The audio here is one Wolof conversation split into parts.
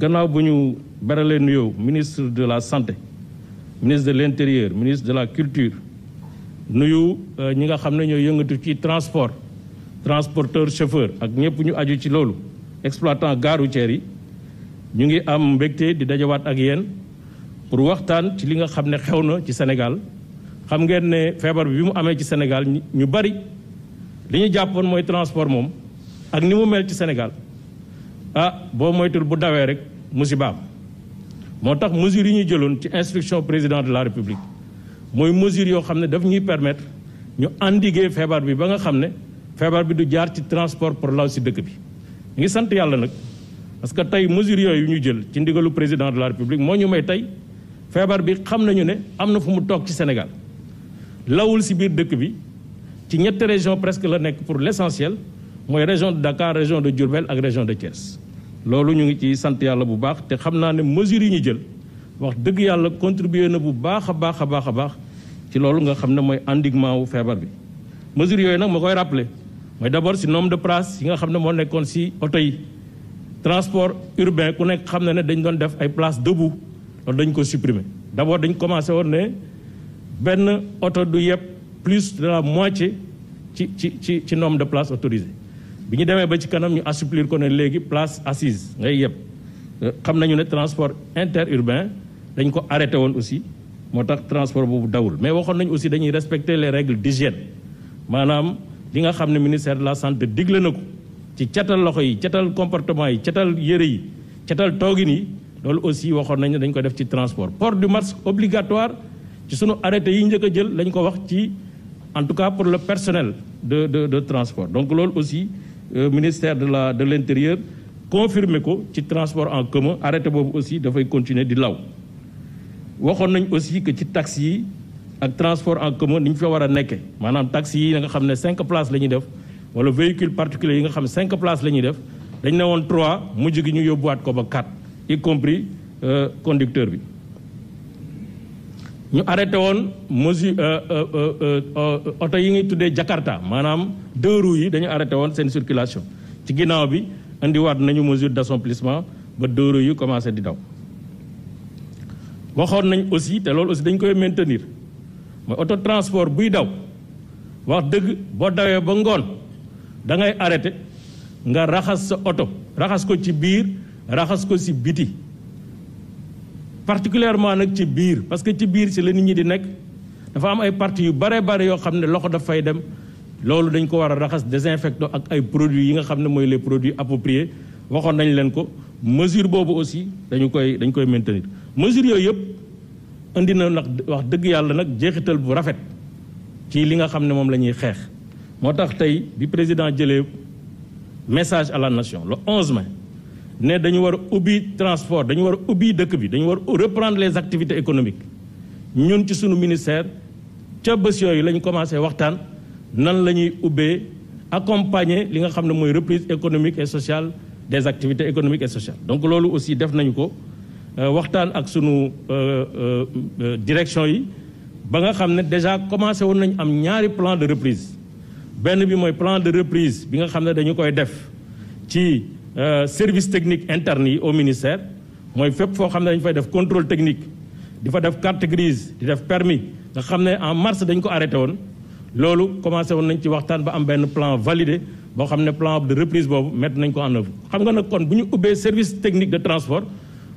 gannaaw bu ñu beralee nuyoo ministre de la santé ministre de l'intérieur ministre de la culture nuyu euh, ñi nga xam ne ñoo yëngatu ci transport transporteur chauffeur ak ñëpp ñu aju ci loolu exploitant gaaru routière yi ñu ngi am mbégte di dajawaat ak yéen pour waxtaan ci li nga xam ne xew na ci Sénégal xam ngeen ne feebar bi bi mu amee ci Sénégal ñu bari li ñu jàppoon mooy transport moom ak ni mu mel ci Sénégal ah boo moytul bu dawee rek musibaam moo tax mesure yi ñu jëloon ci instruction président de la république mooy mesure yoo xam ne daf ñuy permettre ñu endiguer feebar bi ba nga xam ne feebar bi du jaar ci transport pour law si dëkk bi ñu ngi sant yàlla nag parce que tey mesure yooyu ñu jël ci ndigalu président de la république moo ñu may tey feebar bi xam nañu ne am na fu mu toog ci Sénégal lawul si biir dëkk bi ci ñetti région presque la nekk pour l'essentiel mooy région de Dakar de Diourbel ak région de Thiès loolu ñu ngi ci sant yàlla bu baax te xam naa ne mesures yi ñu jël wax dëgg yàlla contribuer na bu baax a baax a baax a baax ci loolu nga xam ne mooy endiguement wu feebar bi mesures yooyu nag moo koy rappeler mooy d'abord si nombre de places yi nga xam ne moo nekkoon si oto yi transport urbain ku nekk xam na ne dañ doon def ay places debout loolu dañ ko supprimer d'abord dañu commencé woon ne benn oto du yëpp plus de la ci ci ci ci nombre de place autorisées bi ñu demee ba ci kanam ñu assouplir ko ne léegi place assise ngay yëpp xam nañu ne transport interurbain dañ ko arrêté woon aussi moo tax transport boobu dawul mais waxoon nañu aussi dañuy respecter les règles d'hygiène maanaam li nga xam ne ministère de la santé digle na ko ci catal loxo yi catal comportement yi catal yére yi catal toogin yi loolu aussi waxoon nañu dañ ko def ci transport port du masque obligatoire ci sunu arrêté yi njëkk jël lañ ko wax ci en tout cas pour le personnel de de de transport donc loolu aussi Euh, ministère de la de l'intérieur confirmer ko ci transport en commun arrêté boobu aussi dafay continuer di law waxoon nañ aussi que ci taxi yi ak transport en commun ni ñu fa war a nekke maanaam taxi yi nga xam ne cinq place la ñuy def wala véhicule particulier yi nga xam ne cinq place la ñuy def dañ ne woon trois mujj gi ñu yóbbuwaat ko ba quatre y compris euh, conducteur bi ñu arrêté woon mesure euh, euh, euh, oto yi ngay tuddee Jakarta maanaam deux yi dañu arrêté woon seen circulation ci ginnaaw bi indiwaat nañu mesure d'assouplissement ba deux roues yi commencé di daw. waxoon nañ aussi te loolu aussi dañ koy maintenir mooy auto transport buy daw wax dëgg boo dawee ba ngoon da ngay arrêté nga raxas sa oto raxas ko ci biir raxas ko ci biti. particulièrement nag ci biir parce que ci biir si la nit ñi di nekk dafa am ay parti yu bare bare yoo xam ne loxo daf fay dem loolu dañ ko war a raxas désinfectant ak ay produits yi nga xam ne mooy les produit appropriés waxoon nañ leen ko mesure boobu aussi dañu koy dañu koy maintenir mesure yooyu yëpp indi na nag wax dëgg yàlla nag jeexital bu rafet ci li nga xam ne moom la ñuy xeex moo tax tey bi président jëlee message à la nation le 11 mai ne dañu war a ubbi transport dañu war a ubbi dëkk bi dañu war a reprendre les activités économiques ñun ci suñu ministère ca bés yooyu la ñu commencé waxtaan nan la ñuy ubbee accompagner li nga xam ne mooy reprise économiques et sociale des activités économiques et sociales donc loolu aussi def nañu ko euh, waxtaan ak sunu euh, euh, direction yi ba nga xam ne déjà commencé woon nañu am ñaari plan de reprise benn bi mooy plan de reprise bi nga xam ne dañu koy def ci Euh, service technique interne yi au ministère mooy fépp foo xam ne dañu fay def contrôle technique di fa def carte grise di def permis nga xam ne en mars dañ ko arrêté woon loolu commencé woon nañ ci waxtaan ba am benn plan validé boo xam ne plan de reprise boobu mettre nañ ko en œuvre xam nga nag kon bu ñu ubbee service technique de transport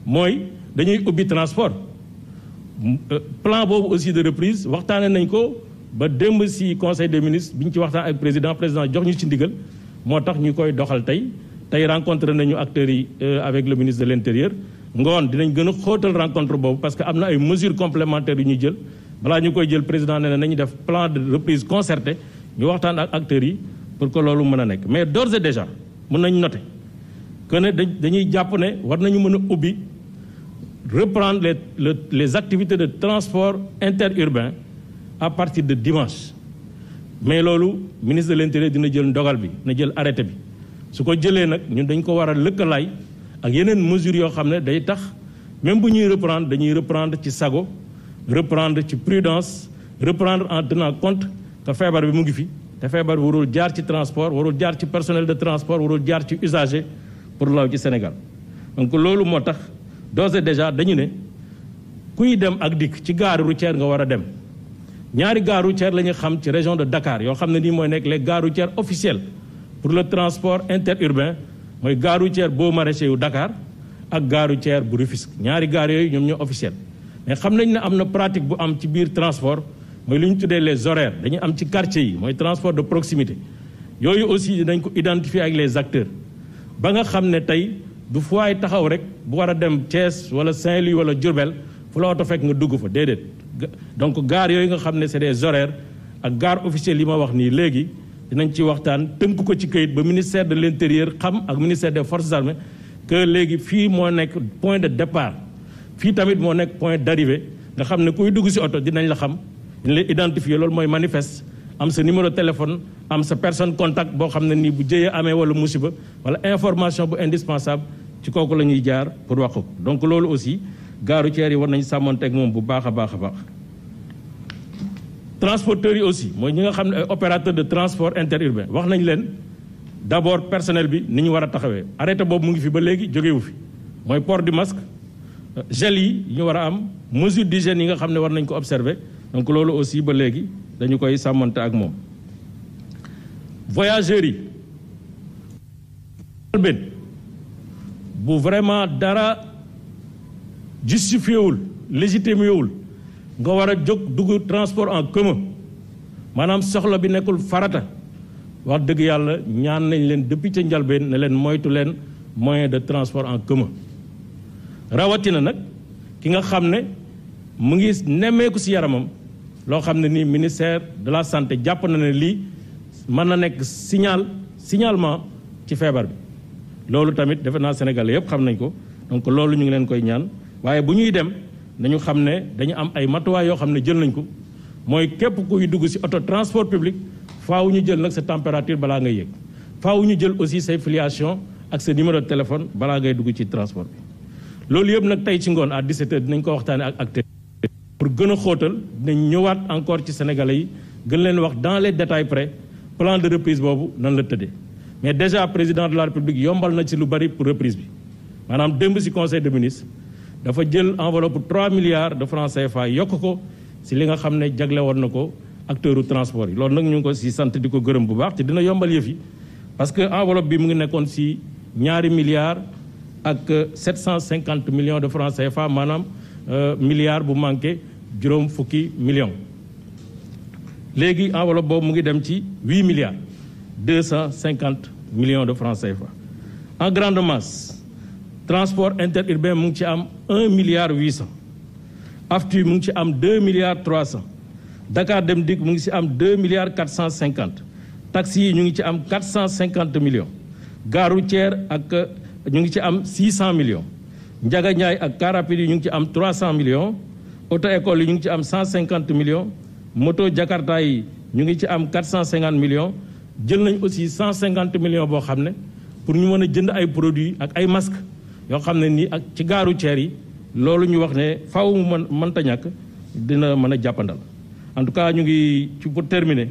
mooy dañuy ubbi transport euh, plan boobu aussi de reprise waxtaanee nañ ko ba démb si conseil de ministre bi ñu ci waxtaan ak président président jox ñu ci ndigal moo tax ñu koy doxal tey tey rencontré nañu acteur yi euh, avec le ministre de l'intérieur ngoon dinañ gën a xóotal rencontre boobu parce que am na ay mesures complémentaires yu ñu jël balaa ñu koy jël président nee na nañu def plan de reprise concerté ñu waxtaan ak acteurs yi pour que loolu mën a nekk mais d'ores et déjà mën nañu noter que ne dañuy jàpp ne war nañu mën a ubbi reprendre les les activités de transport interurbain à partir de dimanche mais loolu ministre de l'intérieur dina jël ndogal bi na jël arrêté bi. su ko jëlee nag ñun dañ ko war a lëkkalaay ak yeneen mesures yoo xam ne day tax même bu ñuy reprendre dañuy reprendre ci sago reprendre ci prudence reprendre en tenant compte que feebar bi mu ngi fi te feebar warul jaar ci transport warul jaar ci personnel de transport warul jaar ci usager pour law ci Sénégal donc loolu moo tax d'ores et déjà dañu ne kuy dem ak dikk ci gare routière nga war dem ñaari gaaru routière lañu xam ci région de Dakar yoo xam ne ni mooy nekk les gares routières officielles pour le transport interurbain mooy gaaru routière boo maraîcher yu dakaar ak gare routière bu Rufisque ñaari gares yooyu ñoom ñoo officiel mais xam nañ ne am na pratique bu am ci biir transport mooy lu ñu tuddee les horaires dañuy am ci quartier yi mooy transport de proximité yooyu aussi dañ ko identifier ak les acteurs ba nga xam ne tey du fooy taxaw rek bu war a dem Thiès wala Saint-Louis wala Diourbel fu la oto fekk nga dugg fa déedéet donc gare yooyu nga xam ne c'est des horaires ak gare officielle yi ma wax nii léegi dinañ ci waxtaan tënk ko ci kayit ba ministère de l'intérieur xam ak ministère de forces armées que léegi fii moo nekk point de départ fii tamit moo nekk point d'arrivée nga xam ne kuy dugg ci oto dinañ la xam dinañ la identifier loolu mooy manifeste am sa numéro téléphone am sa personne contact boo xam ne nii bu jëyee amee wala musiba wala information bu indispensable ci kooku la ñuy jaar pour wax ko donc loolu aussi gaaru ceer yi war nañu sàmmonteeg moom bu baax a baax a baax transporteurs yi aussi mooy ñi nga xam ne ay de transport interurbain wax nañ leen d' abord personnel bi ni ñu war a taxawee arrêté boobu mu ngi fi ba léegi jógewu fi mooy port du masque euh, gel yi ñu war a am di d'hygiène yi nga xam ne war nañ ko observer donc loolu aussi ba léegi dañu koy sàmmante ak moom voyageurs yi ben bu vraiment dara justifié wul légitimé wul nga war a jóg dugg transport en commun maanaam soxla bi nekkul farata wax dëgg yàlla ñaan nañ leen depuis ca njalbeen ne leen moytu leen moyen de transport en commun rawatina nag ki nga xam ne mu ngi nemmeeku ci yaramam loo xam ne nii ministère de la santé jàpp na ne lii mën na nekk signal signalement ci feebar bi loolu tamit defe naa Sénégal yëpp xam nañ ko donc loolu ñu ngi leen koy ñaan waaye bu ñuy dem nañu xam ne dañu am ay matuwaay yoo xam ne jël nañ ko mooy képp kuy dugg ci auto transport public faaw ñu jël nag sa température balaa ngay yëg faaw ñu jël aussi say filiation ak sa numéro de téléphone balaa ngay dugg ci transport bi. loolu yëpp nag tey ci ngoon à 17 dinañ ko waxtaanee ak acteurs pour gën a xóotal dinañ ñëwaat encore ci sénégalais yi gën leen wax dans les détails près plan de reprise boobu nan la tëddee mais déjà président de la république yombal na ci lu bari pour bi maanaam démb ci conseil des ministres. dafa jël enveloppe 3 milliards de francs CFA yokk ko si li nga xam ne jagle woon na ko acteur transport yi loolu nag ñu ngi ko si sant di ko gërëm bu baax te dina yombal yëf parce que enveloppe bi mu ngi nekkoon si ñaari milliards ak 750 millions de francs CFA maanaam euh, milliard bu manqué juróom fukki million léegi enveloppe boobu mu ngi dem ci 8 milliards 250 millions de francs fa en grande masse transport interurbain mu ngi ci am 1 milliard 800 AFTU mu ngi ci am 2 milliards 300 Dakar Dem Dikk mu ngi ci am 2 milliards 450 taxi yi ñu ngi ci am 450 millions gare routière ak euh, ñu ngi ci am 600 millions Ndiaga Ndiaye ak car yi ñu ngi ci am 300 millions auto école yi ñu ngi ci am 150 millions moto Jakarta yi ñu ngi ci am 450 millions jël nañ aussi 150 millions boo xam ne pour ñu mën a jënd ay produits ak ay masques. yoo xam ne nii ak ci gaaru ceer yi loolu ñu wax ne faaw mu mën mënta dina mën a jàppandal en tout cas ñu ngi ci pour terminer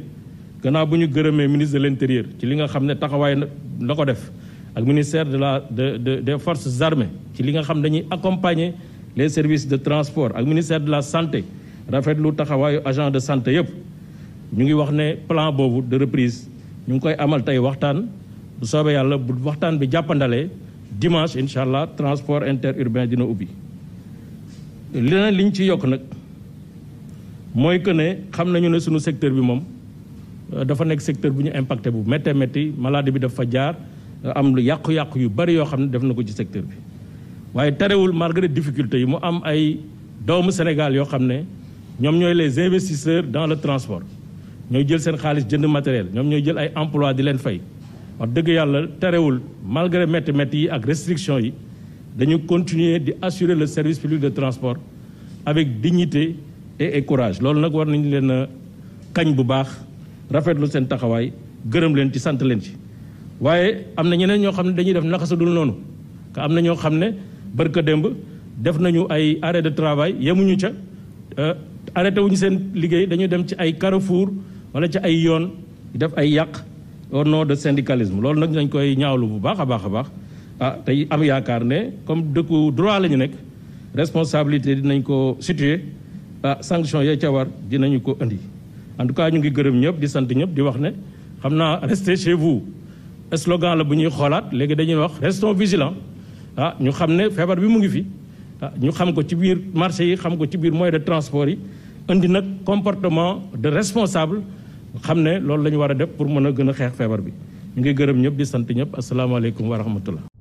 gannaaw bu ñu gërëmee ministre de l'intérieur ci li nga xam ne taxawaay la ko def ak ministère de la de de des forces armées ci li nga xam dañuy accompagner les services de transport ak de la santé rafetlu taxawaayu agent de santé yëpp ñu ngi wax ne plan boobu de reprise ñu ngi koy amal tey waxtaan bu soobee yàlla bu waxtaan bi jàppandalee dimanche incha allah transport interurbain dina ubbi leneen liñ ci yokk nag mooy que ne xam nañu ne sunu secteur bi moom euh, dafa nekk secteur bu ñu impacté bu méttee métti maladie bi dafa jaar euh, am lu yàqu-yàqu yu bari yoo xam ne def na ko ci secteur bi waaye tarewul malgré difficulté yi mu am ay doomu Sénégal yoo xam ne ñoom ñooy les investisseurs dans le transport ñooy jël seen xaalis jënd matériel ñoom ñooy jël ay emploi di leen fay waa dëgg yàlla terewul malgré métti métti yi ak restriction yi dañu continuer di assurer le service public de transport avec dignité et courage loolu nag war nañu leen a kañ bu baax rafetlu seen taxawaay gërëm leen ci sant leen ci waaye am na ñeneen ñoo xam ne dañuy def naqasadul noonu que am na ñoo xam ne barka démb def nañu ay arrêt de travail yemuñu ca euh, arrêté wuñu seen liggéey dañu dem ci ay carrefour wala ci ay yoon def ay yàq au nom de syndicalisme loolu nag dañ koy ñaawlu bu baax a baax a baax ah tey am yaakaar ne comme dëkku droit la ñu nekk responsabilité dinañ ko situer ah sanction yee ca war dinañu ko indi en tout cas ñu ngi gërëm ñëpp di sant ñëpp di wax ne xam naa restez chez slogan la bu ñuy xoolaat léegi dañuy wax restons vigilants ah ñu xam ne feebar bi mu ngi fi ah, ñu xam ko ci biir marché yi xam ko ci biir moyen de transport yi indi nag comportement de responsable xam ne loolu lañu ñu war a def pour mën a gën a xeex feebar bi ñu ngi gërëm ñëpp di sant ñëpp asalaamaaleykum wa rahmatullah